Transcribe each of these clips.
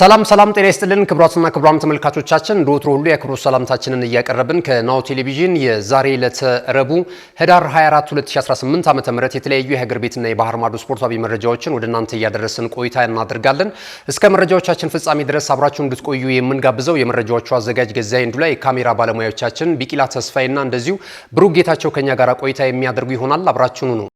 ሰላም ሰላም ጤና ይስጥልን ክቡራትና ክቡራን ተመልካቾቻችን እንደ ሁሉ የክብሮት ሰላምታችንን እያቀረብን ከናሁ ቴሌቪዥን የዛሬ ዕለተ ረቡዕ ህዳር 24 2018 ም የተለያዩ የሀገር ቤትና የባህር ማዶ ስፖርታዊ መረጃዎችን ወደ እናንተ እያደረስን ቆይታ እናደርጋለን። እስከ መረጃዎቻችን ፍጻሜ ድረስ አብራችሁ እንድትቆዩ የምንጋብዘው የመረጃዎቹ አዘጋጅ ገዛይ እንዱ ላይ የካሜራ ባለሙያዎቻችን ቢቂላ ተስፋይና እንደዚሁ ብሩክ ጌታቸው ከኛ ጋር ቆይታ የሚያደርጉ ይሆናል። አብራችሁኑ ነው።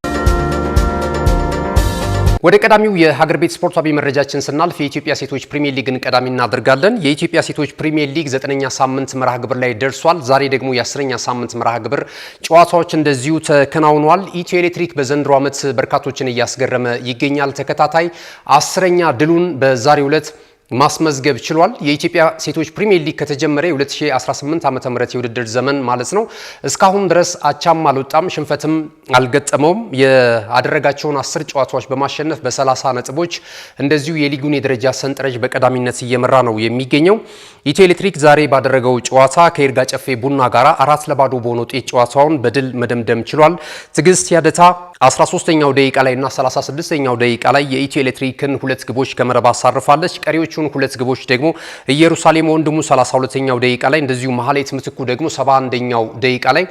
ወደ ቀዳሚው የሀገር ቤት ስፖርታዊ መረጃችን ስናልፍ የኢትዮጵያ ሴቶች ፕሪሚየር ሊግን ቀዳሚ እናደርጋለን። የኢትዮጵያ ሴቶች ፕሪሚየር ሊግ ዘጠነኛ ሳምንት መርሃ ግብር ላይ ደርሷል። ዛሬ ደግሞ የአስረኛ ሳምንት መርሃ ግብር ጨዋታዎች እንደዚሁ ተከናውኗል። ኢትዮ ኤሌክትሪክ በዘንድሮ ዓመት በርካቶችን እያስገረመ ይገኛል። ተከታታይ አስረኛ ድሉን በዛሬው ዕለት ማስመዝገብ ችሏል። የኢትዮጵያ ሴቶች ፕሪሚየር ሊግ ከተጀመረ የ2018 ዓ.ም የውድድር ዘመን ማለት ነው እስካሁን ድረስ አቻም አልወጣም፣ ሽንፈትም አልገጠመውም። ያደረጋቸውን አስር ጨዋታዎች በማሸነፍ በ30 ነጥቦች እንደዚሁ የሊጉን የደረጃ ሰንጠረዥ በቀዳሚነት እየመራ ነው የሚገኘው። ኢትዮ ኤሌክትሪክ ዛሬ ባደረገው ጨዋታ ከይርጋ ጨፌ ቡና ጋር አራት ለባዶ በሆነ ውጤት ጨዋታውን በድል መደምደም ችሏል። ትዕግስት ያደታ 13ኛው ደቂቃ ላይ እና 36ኛው ደቂቃ ላይ የኢትዮ ኤሌክትሪክን ሁለት ግቦች ከመረብ አሳርፋለች። ቀሪዎቹ ያገባችውን ሁለት ግቦች ደግሞ ኢየሩሳሌም ወንድሙ 32ኛው ደቂቃ ላይ እንደዚሁ መሀሌት ምትኩ ደግሞ 71ኛው ደቂቃ ላይ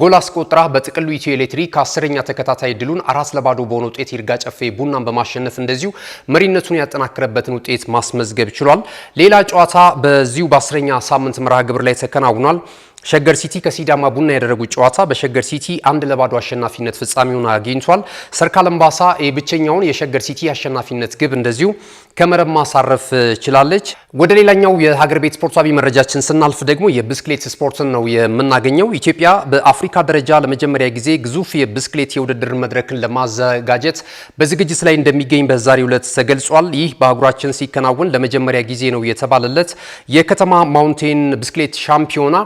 ጎል አስቆጥራ በጥቅሉ ኢትዮ ኤሌክትሪክ ከአስረኛ ተከታታይ ድሉን አራት ለባዶ በሆነ ውጤት ይርጋ ጨፌ ቡናን በማሸነፍ እንደዚሁ መሪነቱን ያጠናክረበትን ውጤት ማስመዝገብ ችሏል። ሌላ ጨዋታ በዚሁ በአስረኛ ሳምንት መርሃ ግብር ላይ ተከናውኗል። ሸገር ሲቲ ከሲዳማ ቡና ያደረጉት ጨዋታ በሸገር ሲቲ አንድ ለባዶ አሸናፊነት ፍጻሜውን አግኝቷል። ሰርካለም ባሳ ብቸኛውን የሸገር ሲቲ አሸናፊነት ግብ እንደዚሁ ከመረብ ማሳረፍ ችላለች። ወደ ሌላኛው የሀገር ቤት ስፖርታዊ መረጃችን ስናልፍ ደግሞ የብስክሌት ስፖርትን ነው የምናገኘው። ኢትዮጵያ በአፍሪካ ደረጃ ለመጀመሪያ ጊዜ ግዙፍ የብስክሌት የውድድር መድረክን ለማዘጋጀት በዝግጅት ላይ እንደሚገኝ በዛሬው ዕለት ተገልጿል። ይህ በአህጉራችን ሲከናወን ለመጀመሪያ ጊዜ ነው የተባለለት የከተማ ማውንቴን ብስክሌት ሻምፒዮና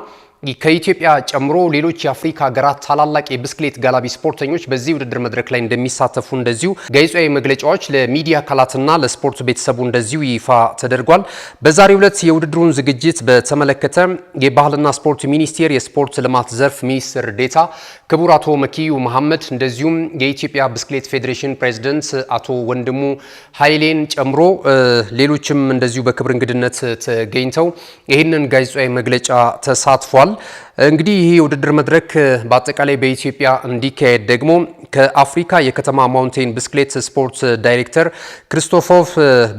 ከኢትዮጵያ ጨምሮ ሌሎች የአፍሪካ ሀገራት ታላላቅ የብስክሌት ጋላቢ ስፖርተኞች በዚህ ውድድር መድረክ ላይ እንደሚሳተፉ እንደዚሁ ጋዜጣዊ መግለጫዎች ለሚዲያ አካላትና ለስፖርት ቤተሰቡ እንደዚሁ ይፋ ተደርጓል። በዛሬው ዕለት የውድድሩን ዝግጅት በተመለከተ የባህልና ስፖርት ሚኒስቴር የስፖርት ልማት ዘርፍ ሚኒስትር ዴታ ክቡር አቶ መኪዩ መሐመድ እንደዚሁም የኢትዮጵያ ብስክሌት ፌዴሬሽን ፕሬዚደንት አቶ ወንድሙ ኃይሌን ጨምሮ ሌሎችም እንደዚሁ በክብር እንግድነት ተገኝተው ይህንን ጋዜጣዊ መግለጫ ተሳትፏል። on እንግዲህ ይህ የውድድር መድረክ በአጠቃላይ በኢትዮጵያ እንዲካሄድ ደግሞ ከአፍሪካ የከተማ ማውንቴን ብስክሌት ስፖርት ዳይሬክተር ክርስቶፎፍ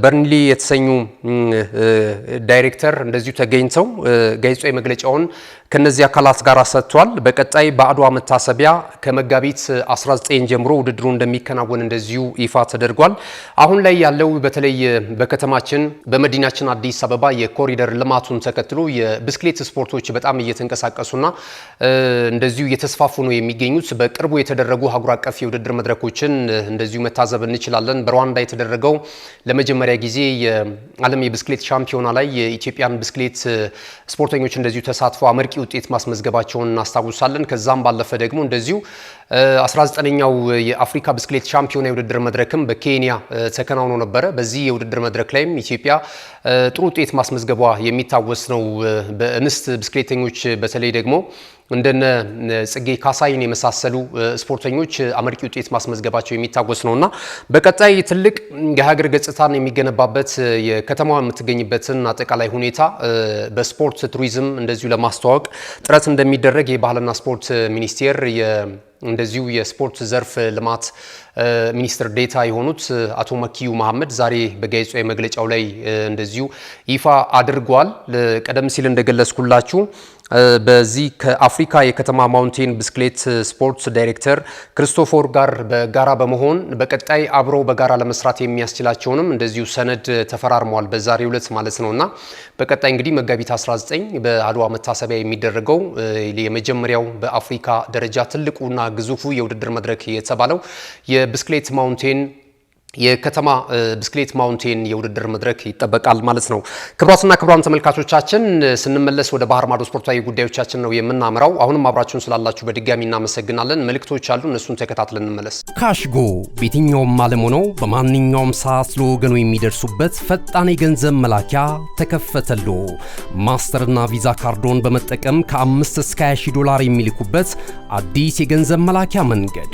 በርንሊ የተሰኙ ዳይሬክተር እንደዚሁ ተገኝተው ጋዜጣዊ መግለጫውን ከነዚህ አካላት ጋር ሰጥቷል። በቀጣይ በአድዋ መታሰቢያ ከመጋቢት 19 ጀምሮ ውድድሩ እንደሚከናወን እንደዚሁ ይፋ ተደርጓል። አሁን ላይ ያለው በተለይ በከተማችን በመዲናችን አዲስ አበባ የኮሪደር ልማቱን ተከትሎ የብስክሌት ስፖርቶች በጣም እየተንቀሳቀሱ እየተንቀሳቀሱና እንደዚሁ እየተስፋፉ ነው የሚገኙት። በቅርቡ የተደረጉ አህጉር አቀፍ የውድድር መድረኮችን እንደዚሁ መታዘብ እንችላለን። በሩዋንዳ የተደረገው ለመጀመሪያ ጊዜ የዓለም የብስክሌት ሻምፒዮና ላይ የኢትዮጵያን ብስክሌት ስፖርተኞች እንደዚሁ ተሳትፎ አመርቂ ውጤት ማስመዝገባቸውን እናስታውሳለን። ከዛም ባለፈ ደግሞ እንደዚሁ 19ኛው የአፍሪካ ብስክሌት ሻምፒዮና የውድድር መድረክም በኬንያ ተከናውኖ ነበረ። በዚህ የውድድር መድረክ ላይም ኢትዮጵያ ጥሩ ውጤት ማስመዝገቧ የሚታወስ ነው። በእንስት ብስክሌተኞች በተለይ ደግሞ እንደነ ጽጌ ካሳይን የመሳሰሉ ስፖርተኞች አመርቂ ውጤት ማስመዝገባቸው የሚታወስ ነውና በቀጣይ ትልቅ የሀገር ገጽታን የሚገነባበት የከተማዋ የምትገኝበትን አጠቃላይ ሁኔታ በስፖርት ቱሪዝም እንደዚሁ ለማስተዋወቅ ጥረት እንደሚደረግ የባህልና ስፖርት ሚኒስቴር እንደዚሁ የስፖርት ዘርፍ ልማት ሚኒስትር ዴታ የሆኑት አቶ መኪዩ መሐመድ ዛሬ በጋዜጣዊ መግለጫው ላይ እንደዚሁ ይፋ አድርጓል። ቀደም ሲል እንደገለጽኩላችሁ በዚህ ከአፍሪካ የከተማ ማውንቴን ብስክሌት ስፖርት ዳይሬክተር ክርስቶፎር ጋር በጋራ በመሆን በቀጣይ አብሮ በጋራ ለመስራት የሚያስችላቸውንም እንደዚሁ ሰነድ ተፈራርመዋል። በዛሬው ዕለት ማለት ነው እና በቀጣይ እንግዲህ መጋቢት 19 በአድዋ መታሰቢያ የሚደረገው የመጀመሪያው በአፍሪካ ደረጃ ትልቁና ግዙፉ የውድድር መድረክ የተባለው የብስክሌት ማውንቴን የከተማ ብስክሌት ማውንቴን የውድድር መድረክ ይጠበቃል ማለት ነው። ክቡራትና ክቡራን ተመልካቾቻችን ስንመለስ ወደ ባህር ማዶ ስፖርታዊ ጉዳዮቻችን ነው የምናምራው። አሁንም አብራችሁን ስላላችሁ በድጋሚ እናመሰግናለን። መልእክቶች አሉ፣ እነሱን ተከታትለን እንመለስ። ካሽጎ በየትኛውም ዓለም ሆነው በማንኛውም ሰዓት ለወገኑ የሚደርሱበት ፈጣን የገንዘብ መላኪያ ተከፈተሎ። ማስተርና ቪዛ ካርዶን በመጠቀም ከ5 እስከ 20 ዶላር የሚልኩበት አዲስ የገንዘብ መላኪያ መንገድ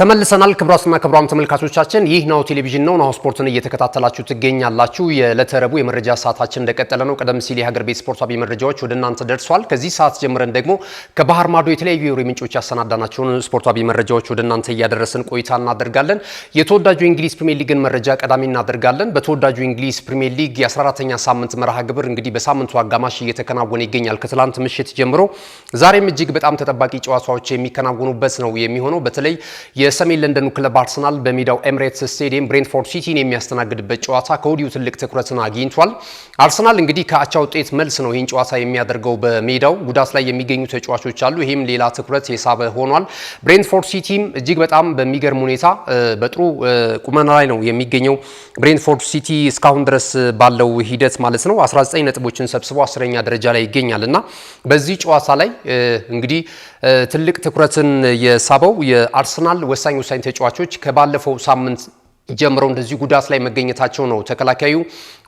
ተመልሰናል። ክቡራትና ክብራም ተመልካቾቻችን ይህ ናሁ ቴሌቪዥን ነው። ናሁ ስፖርትን እየተከታተላችሁ ትገኛላችሁ። የዕለተ ረቡዕ የመረጃ ሰዓታችን እንደቀጠለ ነው። ቀደም ሲል የሀገር ቤት ስፖርታዊ መረጃዎች ወደ እናንተ ደርሷል። ከዚህ ሰዓት ጀምረን ደግሞ ከባህር ማዶ የተለያዩ የወሬ ምንጮች ያሰናዳናቸውን ስፖርታዊ መረጃዎች ወደ እናንተ እያደረስን ቆይታ እናደርጋለን። የተወዳጁ እንግሊዝ ፕሪሚየር ሊግን መረጃ ቀዳሚ እናደርጋለን። በተወዳጁ እንግሊዝ ፕሪሚየር ሊግ የ 14 ኛ ሳምንት መርሃ ግብር እንግዲህ በሳምንቱ አጋማሽ እየተከናወነ ይገኛል። ከትላንት ምሽት ጀምሮ ዛሬም እጅግ በጣም ተጠባቂ ጨዋታዎች የሚከናወኑበት ነው የሚሆነው በተለይ የሰሜን ለንደኑ ክለብ አርሰናል በሜዳው ኤምሬትስ ስቴዲየም ብሬንትፎርድ ሲቲን የሚያስተናግድበት ጨዋታ ከወዲሁ ትልቅ ትኩረትን አግኝቷል። አርሰናል እንግዲህ ከአቻ ውጤት መልስ ነው ይህን ጨዋታ የሚያደርገው በሜዳው ጉዳት ላይ የሚገኙ ተጫዋቾች አሉ። ይህም ሌላ ትኩረት የሳበ ሆኗል። ብሬንትፎርድ ሲቲም እጅግ በጣም በሚገርም ሁኔታ በጥሩ ቁመና ላይ ነው የሚገኘው። ብሬንትፎርድ ሲቲ እስካሁን ድረስ ባለው ሂደት ማለት ነው 19 ነጥቦችን ሰብስቦ አስረኛ ደረጃ ላይ ይገኛል እና በዚህ ጨዋታ ላይ እንግዲህ ትልቅ ትኩረትን የሳበው የአርሰናል ወሳኝ ወሳኝ ተጫዋቾች ከባለፈው ሳምንት ጀምረው እንደዚህ ጉዳት ላይ መገኘታቸው ነው። ተከላካዩ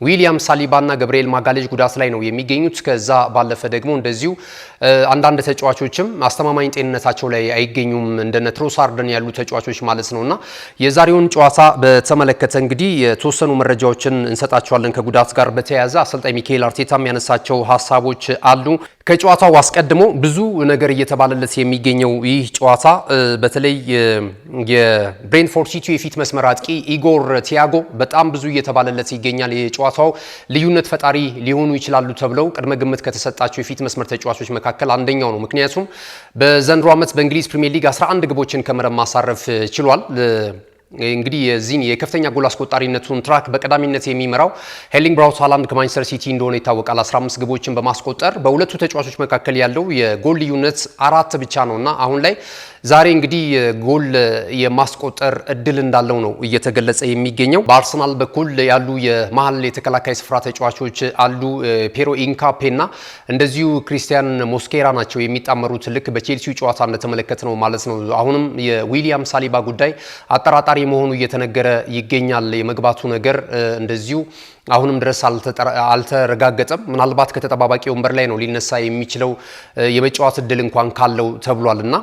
ዊሊያም ሳሊባና ገብርኤል ማጋሌጅ ጉዳት ላይ ነው የሚገኙት። ከዛ ባለፈ ደግሞ እንደዚሁ አንዳንድ ተጫዋቾችም አስተማማኝ ጤንነታቸው ላይ አይገኙም እንደነ ትሮሳርድን ያሉ ተጫዋቾች ማለት ነውና የዛሬውን ጨዋታ በተመለከተ እንግዲህ የተወሰኑ መረጃዎችን እንሰጣቸዋለን። ከጉዳት ጋር በተያያዘ አሰልጣኝ ሚካኤል አርቴታም ያነሳቸው ሀሳቦች አሉ። ከጨዋታው አስቀድሞ ብዙ ነገር እየተባለለት የሚገኘው ይህ ጨዋታ በተለይ የብሬንፎርድ ሲቲ የፊት መስመር አጥቂ ኢጎር ቲያጎ በጣም ብዙ እየተባለለት ይገኛል። የጨዋታው ልዩነት ፈጣሪ ሊሆኑ ይችላሉ ተብለው ቅድመ ግምት ከተሰጣቸው የፊት መስመር ተጫዋቾች መካከል አንደኛው ነው። ምክንያቱም በዘንድሮ ዓመት በእንግሊዝ ፕሪሚየር ሊግ 11 ግቦችን ከመረብ ማሳረፍ ችሏል። እንግዲህ የዚህን የከፍተኛ ጎል አስቆጣሪነቱን ትራክ በቀዳሚነት የሚመራው ሄርሊንግ ብራውት ሃላንድ ከማንቸስተር ሲቲ እንደሆነ ይታወቃል። 15 ግቦችን በማስቆጠር በሁለቱ ተጫዋቾች መካከል ያለው የጎል ልዩነት አራት ብቻ ነውና አሁን ላይ ዛሬ እንግዲህ ጎል የማስቆጠር እድል እንዳለው ነው እየተገለጸ የሚገኘው። በአርሰናል በኩል ያሉ የመሀል የተከላካይ ስፍራ ተጫዋቾች አሉ። ፔሮ ኢንካፔና እንደዚሁ ክሪስቲያን ሞስኬራ ናቸው የሚጣመሩት። ልክ በቼልሲው ጨዋታ እንደተመለከት ነው ማለት ነው። አሁንም የዊሊያም ሳሊባ ጉዳይ አጠራጣሪ መሆኑ እየተነገረ ይገኛል። የመግባቱ ነገር እንደዚሁ አሁንም ድረስ አልተረጋገጠም። ምናልባት ከተጠባባቂ ወንበር ላይ ነው ሊነሳ የሚችለው የመጫወት እድል እንኳን ካለው ተብሏል እና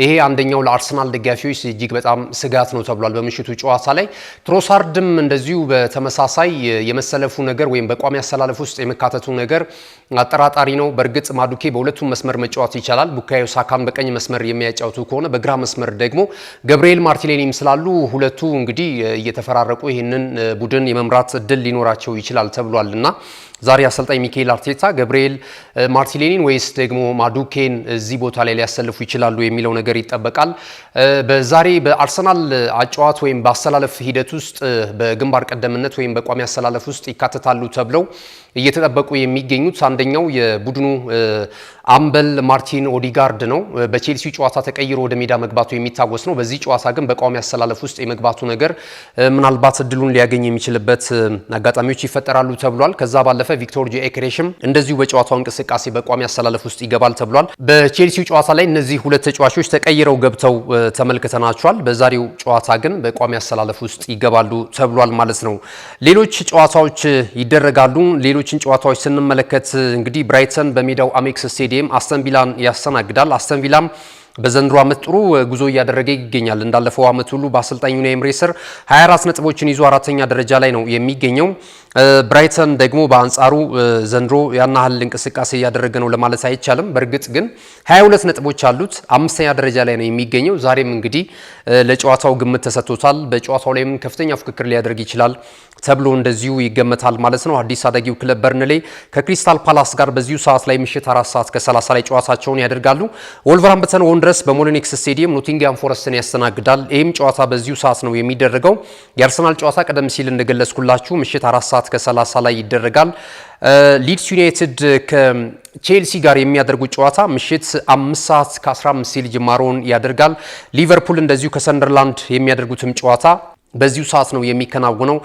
ይሄ አንደኛው ለአርሰናል ደጋፊዎች እጅግ በጣም ስጋት ነው ተብሏል በምሽቱ ጨዋታ ላይ። ትሮሳርድም እንደዚሁ በተመሳሳይ የመሰለፉ ነገር ወይም በቋሚ አሰላለፍ ውስጥ የመካተቱ ነገር አጠራጣሪ ነው። በእርግጥ ማዱኬ በሁለቱም መስመር መጫወት ይቻላል። ቡካዮ ሳካን በቀኝ መስመር የሚያጫውቱ ከሆነ በግራ መስመር ደግሞ ገብርኤል ማርቲኔሊም ስላሉ ሁለቱ እንግዲህ እየተፈራረቁ ይህንን ቡድን የመምራት እድል ሊኖራቸው ሊኖራቸው ይችላል ተብሏልና ዛሬ አሰልጣኝ ሚካኤል አርቴታ ገብርኤል ማርቲኔሊን ወይስ ደግሞ ማዱኬን እዚህ ቦታ ላይ ሊያሰልፉ ይችላሉ የሚለው ነገር ይጠበቃል። በዛሬ በአርሰናል አጨዋት ወይም በአሰላለፍ ሂደት ውስጥ በግንባር ቀደምነት ወይም በቋሚ አሰላለፍ ውስጥ ይካተታሉ ተብለው እየተጠበቁ የሚገኙት አንደኛው የቡድኑ አምበል ማርቲን ኦዲጋርድ ነው። በቼልሲ ጨዋታ ተቀይሮ ወደ ሜዳ መግባቱ የሚታወስ ነው። በዚህ ጨዋታ ግን በቋሚ አሰላለፍ ውስጥ የመግባቱ ነገር ምናልባት እድሉን ሊያገኝ የሚችልበት አጋጣሚዎች ይፈጠራሉ ተብሏል። ከዛ ባለፈ ቪክቶር ኤክሬሽም እንደዚሁ በጨዋታው እንቅስቃሴ በቋሚ አሰላለፍ ውስጥ ይገባል ተብሏል። በቼልሲው ጨዋታ ላይ እነዚህ ሁለት ተጫዋቾች ተቀይረው ገብተው ተመልክተናቸዋል። በዛሬው ጨዋታ ግን በቋሚ አሰላለፍ ውስጥ ይገባሉ ተብሏል ማለት ነው። ሌሎች ጨዋታዎች ይደረጋሉ። ሌሎችን ጨዋታዎች ስንመለከት እንግዲህ ብራይተን በሜዳው አሜክስ ስቴዲየም አስተንቪላን ያስተናግዳል። አስተንቪላም በዘንድሮ ዓመት ጥሩ ጉዞ እያደረገ ይገኛል። እንዳለፈው ዓመት ሁሉ በአሰልጣኝ ዩናይ ኤምሬ ስር 24 ነጥቦችን ይዞ አራተኛ ደረጃ ላይ ነው የሚገኘው። ብራይተን ደግሞ በአንጻሩ ዘንድሮ ያን ያህል እንቅስቃሴ እያደረገ ነው ለማለት አይቻልም። በእርግጥ ግን 22 ነጥቦች አሉት፣ አምስተኛ ደረጃ ላይ ነው የሚገኘው። ዛሬም እንግዲህ ለጨዋታው ግምት ተሰጥቶታል። በጨዋታው ላይም ከፍተኛ ፉክክር ሊያደርግ ይችላል ተብሎ እንደዚሁ ይገመታል ማለት ነው። አዲስ አዳጊው ክለብ በርንሌ ከክሪስታል ፓላስ ጋር በዚሁ ሰዓት ላይ ምሽት አራት ሰዓት ከ30 ላይ ጨዋታቸውን ያደርጋሉ። ወልቨርሃምፕተን ድረስ በሞሊኒክስ ስቴዲየም ኖቲንግሃም ፎረስትን ያስተናግዳል። ይህም ጨዋታ በዚሁ ሰዓት ነው የሚደረገው። የአርሰናል ጨዋታ ቀደም ሲል እንደገለጽኩላችሁ ምሽት አራት ሰዓት ከሰላሳ ላይ ይደረጋል። ሊድስ ዩናይትድ ከቼልሲ ጋር የሚያደርጉት ጨዋታ ምሽት አምስት ሰዓት ከ15 ሲል ጅማሮውን ያደርጋል። ሊቨርፑል እንደዚሁ ከሰንደርላንድ የሚያደርጉትም ጨዋታ በዚሁ ሰዓት ነው የሚከናወነው።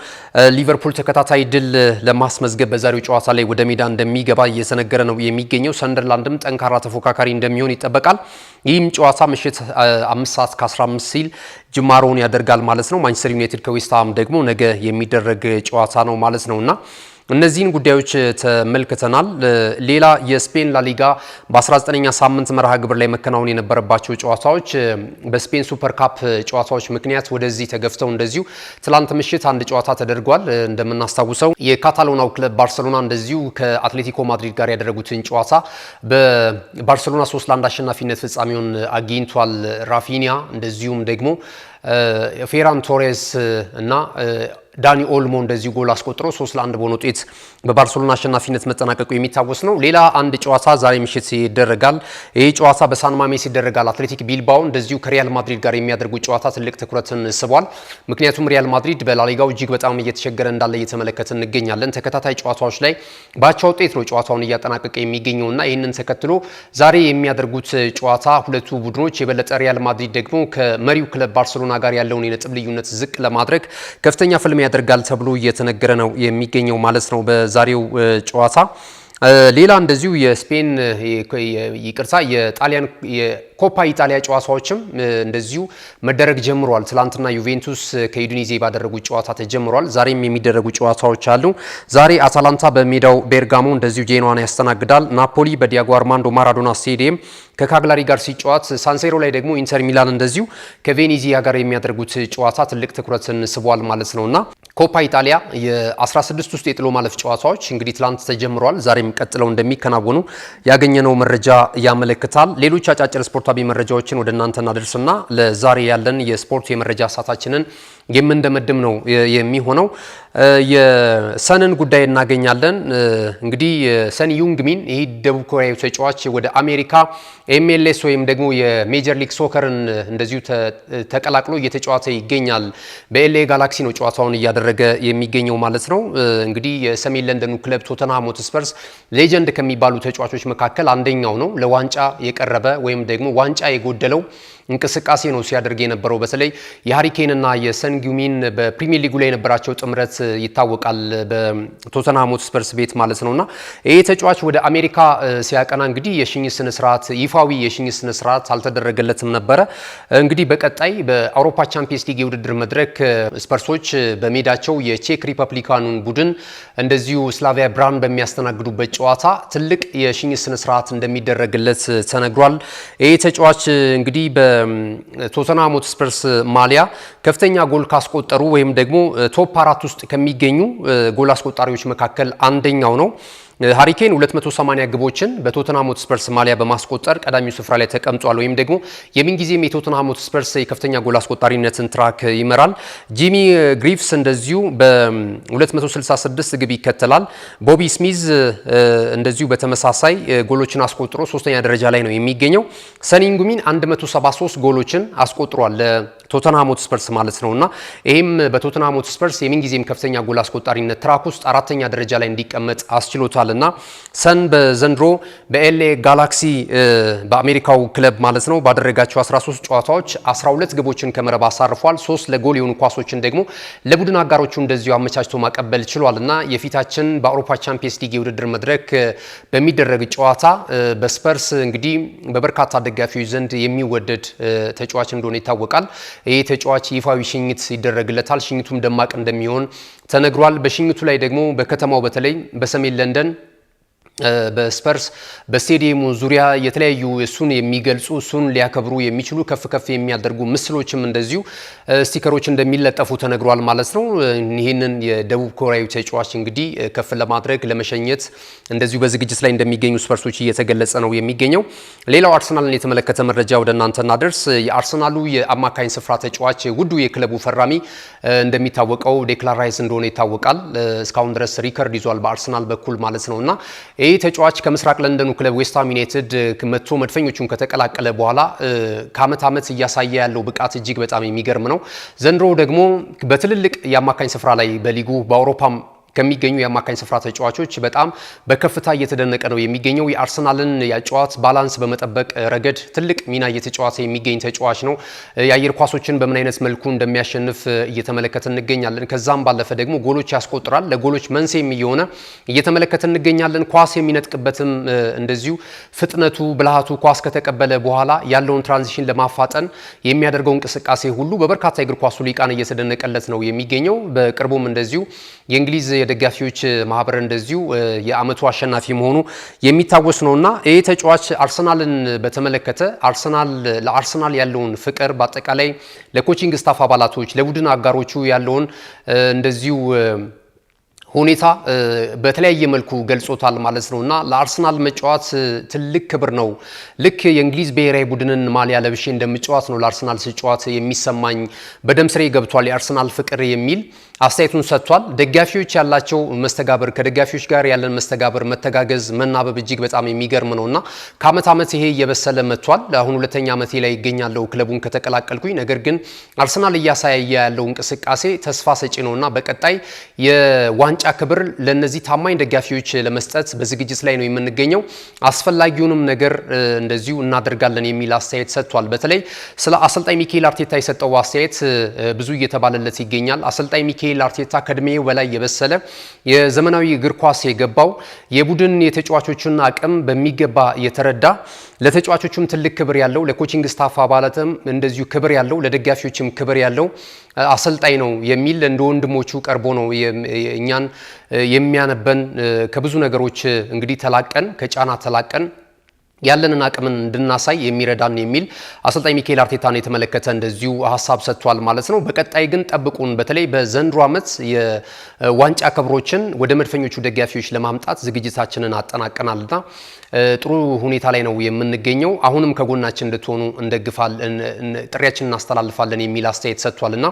ሊቨርፑል ተከታታይ ድል ለማስመዝገብ በዛሬው ጨዋታ ላይ ወደ ሜዳ እንደሚገባ እየተነገረ ነው የሚገኘው። ሰንደርላንድም ጠንካራ ተፎካካሪ እንደሚሆን ይጠበቃል። ይህም ጨዋታ ምሽት አምስት ሰዓት ከ15 ሲል ጅማሮውን ያደርጋል ማለት ነው። ማንቸስተር ዩናይትድ ከዌስትሃም ደግሞ ነገ የሚደረግ ጨዋታ ነው ማለት ነውና እነዚህን ጉዳዮች ተመልክተናል። ሌላ የስፔን ላሊጋ በ19ኛ ሳምንት መርሃ ግብር ላይ መከናወን የነበረባቸው ጨዋታዎች በስፔን ሱፐር ካፕ ጨዋታዎች ምክንያት ወደዚህ ተገፍተው እንደዚሁ ትላንት ምሽት አንድ ጨዋታ ተደርጓል። እንደምናስታውሰው የካታሎናው ክለብ ባርሰሎና እንደዚሁ ከአትሌቲኮ ማድሪድ ጋር ያደረጉትን ጨዋታ በባርሰሎና ሶስት ለአንድ አሸናፊነት ፍጻሜውን አግኝቷል። ራፊኒያ እንደዚሁም ደግሞ ፌራን ቶሬስ እና ዳኒ ኦልሞ እንደዚሁ ጎል አስቆጥሮ ለ1 በሆነ ውጤት በባርሴሎና አሸናፊነት መጠናቀቁ የሚታወስ ነው። ሌላ አንድ ጨዋታ ዛሬ ምሽት ይደረጋል። ይህ ጨዋታ በሳንማሜስ ይደረጋል። አትሌቲክ ቢልባኦ እንደዚሁ ከሪያል ማድሪድ ጋር የሚያደርጉት ጨዋታ ትልቅ ትኩረትን ስቧል። ምክንያቱም ሪያል ማድሪድ በላሊጋው እጅግ በጣም እየተቸገረ እንዳለ እየተመለከት እንገኛለን። ተከታታይ ጨዋታዎች ላይ በአቻ ውጤት ነው ጨዋታውን እያጠናቀቀ የሚገኘውና ይህንን ተከትሎ ዛሬ የሚያደርጉት ጨዋታ ሁለቱ ቡድኖች የበለጠ ሪያል ማድሪድ ደግሞ ከመሪው ክለብ ባርሴሎና ጋር ያለውን የነጥብ ልዩነት ዝቅ ለማድረግ ከፍተኛ ፍልሚያ ያደርጋል ተብሎ እየተነገረ ነው የሚገኘው ማለት ነው በዛሬው ጨዋታ። ሌላ እንደዚሁ የስፔን ይቅርታ የጣሊያን የኮፓ ኢጣሊያ ጨዋታዎችም እንደዚሁ መደረግ ጀምሯል። ትላንትና ዩቬንቱስ ከዩዲኒዜ ባደረጉት ጨዋታ ተጀምሯል። ዛሬም የሚደረጉ ጨዋታዎች አሉ። ዛሬ አታላንታ በሜዳው ቤርጋሞ እንደዚሁ ጄኗዋን ያስተናግዳል። ናፖሊ በዲያጎ አርማንዶ ማራዶና ስቴዲየም ከካግላሪ ጋር ሲጫወት፣ ሳንሴሮ ላይ ደግሞ ኢንተር ሚላን እንደዚሁ ከቬኔዚያ ጋር የሚያደርጉት ጨዋታ ትልቅ ትኩረትን ስቧል ማለት ነውና ኮፓ ኢጣሊያ የ16 ውስጥ የጥሎ ማለፍ ጨዋታዎች እንግዲህ ትላንት ተጀምረዋል። ዛሬም ቀጥለው እንደሚከናወኑ ያገኘነው መረጃ ያመለክታል። ሌሎች አጫጭር ስፖርት ስፖርታዊ መረጃዎችን ወደ እናንተ እናደርስና ለዛሬ ያለን የስፖርት የመረጃ ሰዓታችንን የምንደመድም ነው የሚሆነው። የሰንን ጉዳይ እናገኛለን። እንግዲህ ሰን ዩንግሚን ይህ ደቡብ ኮሪያዊ ተጫዋች ወደ አሜሪካ ኤምኤልኤስ ወይም ደግሞ የሜጀር ሊግ ሶከርን እንደዚሁ ተቀላቅሎ እየተጫወተ ይገኛል። በኤልኤ ጋላክሲ ነው ጨዋታውን እያደረገ የሚገኘው ማለት ነው። እንግዲህ የሰሜን ለንደኑ ክለብ ቶተንሃም ሆትስፐርስ ሌጀንድ ከሚባሉ ተጫዋቾች መካከል አንደኛው ነው። ለዋንጫ የቀረበ ወይም ደግሞ ዋንጫ የጎደለው እንቅስቃሴ ነው ሲያደርግ የነበረው። በተለይ የሃሪኬንና የሰንጊሚን በፕሪሚየር ሊጉ ላይ የነበራቸው ጥምረት ይታወቃል። በቶተንሃም ሆትስፐርስ ቤት ማለት ነውና ይህ ተጫዋች ወደ አሜሪካ ሲያቀና እንግዲህ የሽኝ ስነ ስርዓት ይፋዊ የሽኝ ስነ ስርዓት አልተደረገለትም ነበረ። እንግዲህ በቀጣይ በአውሮፓ ቻምፒየንስ ሊግ የውድድር መድረክ ስፐርሶች በሜዳቸው የቼክ ሪፐብሊካኑን ቡድን እንደዚሁ ስላቪያ ብራን በሚያስተናግዱበት ጨዋታ ትልቅ የሽኝ ስነ ስርዓት እንደሚደረግለት ተነግሯል። ይህ ተጫዋች እንግዲህ በቶተንሃም ሆትስፐርስ ማሊያ ከፍተኛ ጎል ካስቆጠሩ ወይም ደግሞ ቶፕ አራት ውስጥ ከሚገኙ ጎል አስቆጣሪዎች መካከል አንደኛው ነው። ሃሪኬን 280 ግቦችን በቶተንሃም ሆትስፐርስ ማሊያ በማስቆጠር ቀዳሚው ስፍራ ላይ ተቀምጧል ወይም ደግሞ የምንጊዜም የቶተንሃም ሆትስፐርስ የከፍተኛ ጎል አስቆጣሪነትን ትራክ ይመራል። ጂሚ ግሪፍስ እንደዚሁ በ266 ግብ ይከተላል። ቦቢ ስሚዝ እንደዚሁ በተመሳሳይ ጎሎችን አስቆጥሮ ሶስተኛ ደረጃ ላይ ነው የሚገኘው። ሰኒንጉሚን 173 ጎሎችን አስቆጥሯል። ቶተንሃም ሆትስፐርስ ማለት ነውና ይህም በቶተንሃም ሆትስፐርስ የምንጊዜም ከፍተኛ ጎል አስቆጣሪነት ትራክ ውስጥ አራተኛ ደረጃ ላይ እንዲቀመጥ አስችሎታልና ሰን በዘንድሮ በኤልኤ ጋላክሲ በአሜሪካው ክለብ ማለት ነው ባደረጋቸው 13 ጨዋታዎች 12 ግቦችን ከመረብ አሳርፏል። ሶስት ለጎል የሆኑ ኳሶችን ደግሞ ለቡድን አጋሮቹ እንደዚሁ አመቻችቶ ማቀበል ችሏልና የፊታችን በአውሮፓ ቻምፒየንስ ሊግ የውድድር መድረክ በሚደረግ ጨዋታ በስፐርስ እንግዲህ በበርካታ ደጋፊዎች ዘንድ የሚወደድ ተጫዋች እንደሆነ ይታወቃል። ይህ ተጫዋች ይፋዊ ሽኝት ይደረግለታል። ሽኝቱም ደማቅ እንደሚሆን ተነግሯል። በሽኝቱ ላይ ደግሞ በከተማው በተለይ በሰሜን ለንደን በስፐርስ በስቴዲየሙ ዙሪያ የተለያዩ እሱን የሚገልጹ እሱን ሊያከብሩ የሚችሉ ከፍ ከፍ የሚያደርጉ ምስሎችም እንደዚሁ ስቲከሮች እንደሚለጠፉ ተነግሯል ማለት ነው። ይህንን የደቡብ ኮሪያዊ ተጫዋች እንግዲህ ከፍ ለማድረግ ለመሸኘት እንደዚሁ በዝግጅት ላይ እንደሚገኙ ስፐርሶች እየተገለጸ ነው የሚገኘው። ሌላው አርሰናልን የተመለከተ መረጃ ወደ እናንተ እናደርስ። የአርሰናሉ የአማካኝ ስፍራ ተጫዋች ውዱ የክለቡ ፈራሚ እንደሚታወቀው ዴክላራይዝ እንደሆነ ይታወቃል። እስካሁን ድረስ ሪከርድ ይዟል በአርሰናል በኩል ማለት ነው እና ይህ ተጫዋች ከምስራቅ ለንደኑ ክለብ ዌስትሃም ዩናይትድ መጥቶ መድፈኞቹን ከተቀላቀለ በኋላ ከአመት አመት እያሳየ ያለው ብቃት እጅግ በጣም የሚገርም ነው። ዘንድሮ ደግሞ በትልልቅ የአማካኝ ስፍራ ላይ በሊጉ በአውሮፓም ከሚገኙ የአማካኝ ስፍራ ተጫዋቾች በጣም በከፍታ እየተደነቀ ነው የሚገኘው። የአርሰናልን የጨዋታ ባላንስ በመጠበቅ ረገድ ትልቅ ሚና እየተጫወተ የሚገኝ ተጫዋች ነው። የአየር ኳሶችን በምን አይነት መልኩ እንደሚያሸንፍ እየተመለከት እንገኛለን። ከዛም ባለፈ ደግሞ ጎሎች ያስቆጥራል፣ ለጎሎች መንስኤም እየሆነ እየተመለከት እንገኛለን። ኳስ የሚነጥቅበትም እንደዚሁ ፍጥነቱ፣ ብልሃቱ ኳስ ከተቀበለ በኋላ ያለውን ትራንዚሽን ለማፋጠን የሚያደርገው እንቅስቃሴ ሁሉ በበርካታ የእግር ኳሱ ሊቃን እየተደነቀለት ነው የሚገኘው። በቅርቡም እንደዚሁ የእንግሊዝ የደጋፊዎች ማህበር እንደዚሁ የአመቱ አሸናፊ መሆኑ የሚታወስ ነውና ይህ ተጫዋች አርሰናልን በተመለከተ አርሰናል ለአርሰናል ያለውን ፍቅር በአጠቃላይ ለኮቺንግ ስታፍ አባላቶች፣ ለቡድን አጋሮቹ ያለውን እንደዚሁ ሁኔታ በተለያየ መልኩ ገልጾታል ማለት ነው እና ለአርሰናል መጫወት ትልቅ ክብር ነው። ልክ የእንግሊዝ ብሔራዊ ቡድንን ማሊያ ለብሼ እንደምጫወት ነው ለአርሰናል ስጫወት የሚሰማኝ፣ በደም ስሬ ገብቷል የአርሰናል ፍቅር የሚል አስተያየቱን ሰጥቷል። ደጋፊዎች ያላቸው መስተጋብር፣ ከደጋፊዎች ጋር ያለን መስተጋብር፣ መተጋገዝ፣ መናበብ እጅግ በጣም የሚገርም ነው እና ከአመት ዓመት ይሄ እየበሰለ መጥቷል። አሁን ሁለተኛ ዓመቴ ላይ ይገኛለው ክለቡን ከተቀላቀልኩኝ። ነገር ግን አርሰናል እያሳየ ያለው እንቅስቃሴ ተስፋ ሰጪ ነው እና በቀጣይ የዋን ዋንጫ ክብር ለነዚህ ታማኝ ደጋፊዎች ለመስጠት በዝግጅት ላይ ነው የምንገኘው። አስፈላጊውንም ነገር እንደዚሁ እናደርጋለን የሚል አስተያየት ሰጥቷል። በተለይ ስለ አሰልጣኝ ሚካኤል አርቴታ የሰጠው አስተያየት ብዙ እየተባለለት ይገኛል። አሰልጣኝ ሚካኤል አርቴታ ከእድሜ በላይ የበሰለ የዘመናዊ እግር ኳስ የገባው የቡድን የተጫዋቾችን አቅም በሚገባ የተረዳ ለተጫዋቾቹም ትልቅ ክብር ያለው ለኮቺንግ ስታፍ አባላትም እንደዚሁ ክብር ያለው ለደጋፊዎችም ክብር ያለው አሰልጣኝ ነው የሚል እንደ ወንድሞቹ ቀርቦ ነው እኛን የሚያነበን ከብዙ ነገሮች እንግዲህ ተላቀን ከጫና ተላቀን ያለንን አቅምን እንድናሳይ የሚረዳን የሚል አሰልጣኝ ሚካኤል አርቴታን የተመለከተ እንደዚሁ ሀሳብ ሰጥቷል ማለት ነው። በቀጣይ ግን ጠብቁን። በተለይ በዘንድሮ ዓመት የዋንጫ ክብሮችን ወደ መድፈኞቹ ደጋፊዎች ለማምጣት ዝግጅታችንን አጠናቀናልና ጥሩ ሁኔታ ላይ ነው የምንገኘው። አሁንም ከጎናችን እንድትሆኑ እንደግፋለን፣ ጥሪያችን እናስተላልፋለን የሚል አስተያየት ሰጥቷልና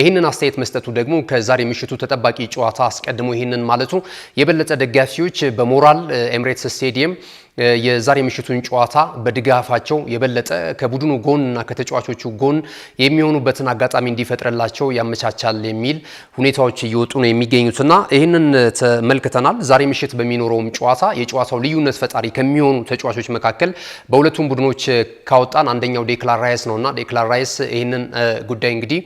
ይህንን አስተያየት መስጠቱ ደግሞ ከዛሬ ምሽቱ ተጠባቂ ጨዋታ አስቀድሞ ይህንን ማለቱ የበለጠ ደጋፊዎች በሞራል ኤምሬትስ ስቴዲየም የዛሬ ምሽቱን ጨዋታ በድጋፋቸው የበለጠ ከቡድኑ ጎን እና ከተጫዋቾቹ ጎን የሚሆኑበትን አጋጣሚ እንዲፈጥርላቸው ያመቻቻል የሚል ሁኔታዎች እየወጡ ነው የሚገኙትና ይህንን ተመልክተናል። ዛሬ ምሽት በሚኖረውም ጨዋታ የጨዋታው ልዩነት ፈጣሪ ከሚሆኑ ተጫዋቾች መካከል በሁለቱም ቡድኖች ካወጣን አንደኛው ዴክላን ራይስ ነውና ዴክላን ራይስ ይህንን ጉዳይ እንግዲህ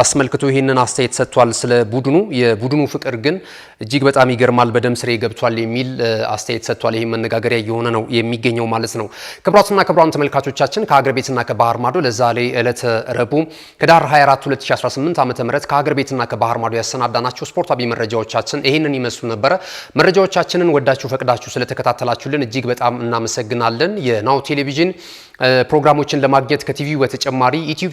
አስመልክቶ ይህንን አስተያየት ሰጥቷል። ስለ ቡድኑ የቡድኑ ፍቅር ግን እጅግ በጣም ይገርማል፣ በደም ስሬ ገብቷል የሚል አስተያየት ሰጥቷል። ይህ መነጋገሪያ እየሆነ ነው የሚገኘው ማለት ነው። ክቡራትና ክቡራን ተመልካቾቻችን ከሀገር ቤትና ከባህር ማዶ ለዛሬ ዕለተ ረቡዕ ህዳር 24 2018 ዓ ም ከሀገር ቤትና ከባህር ማዶ ያሰናዳናቸው ስፖርታዊ መረጃዎቻችን ይህንን ይመስሉ ነበረ። መረጃዎቻችንን ወዳችሁ ፈቅዳችሁ ስለተከታተላችሁልን እጅግ በጣም እናመሰግናለን። የናሁ ቴሌቪዥን ፕሮግራሞችን ለማግኘት ከቲቪ በተጨማሪ ዩቲዩብ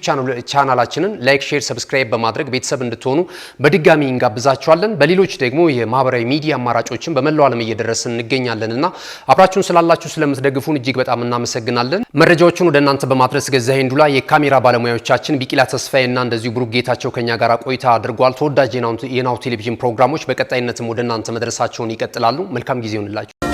ቻናላችንን ላይክ፣ ሼር፣ ሰብስክራይብ በማድረግ ቤተሰብ እንድትሆኑ በድጋሚ እንጋብዛችኋለን። በሌሎች ደግሞ የማህበራዊ ሚዲያ አማራጮችን በመላው ዓለም እየደረስን እንገኛለን እና አብራችሁን ስላላችሁ ስለምትደግፉን እጅግ በጣም እናመሰግናለን። መረጃዎቹን ወደ እናንተ በማድረስ ገዛኸኝ ዱላ፣ የካሜራ ባለሙያዎቻችን ቢቂላ ተስፋዬ እና እንደዚሁ ብሩክ ጌታቸው ከኛ ጋር ቆይታ አድርጓል። ተወዳጅ የናሁ ቴሌቪዥን ፕሮግራሞች በቀጣይነትም ወደ እናንተ መድረሳቸውን ይቀጥላሉ። መልካም ጊዜ ይሆንላችሁ።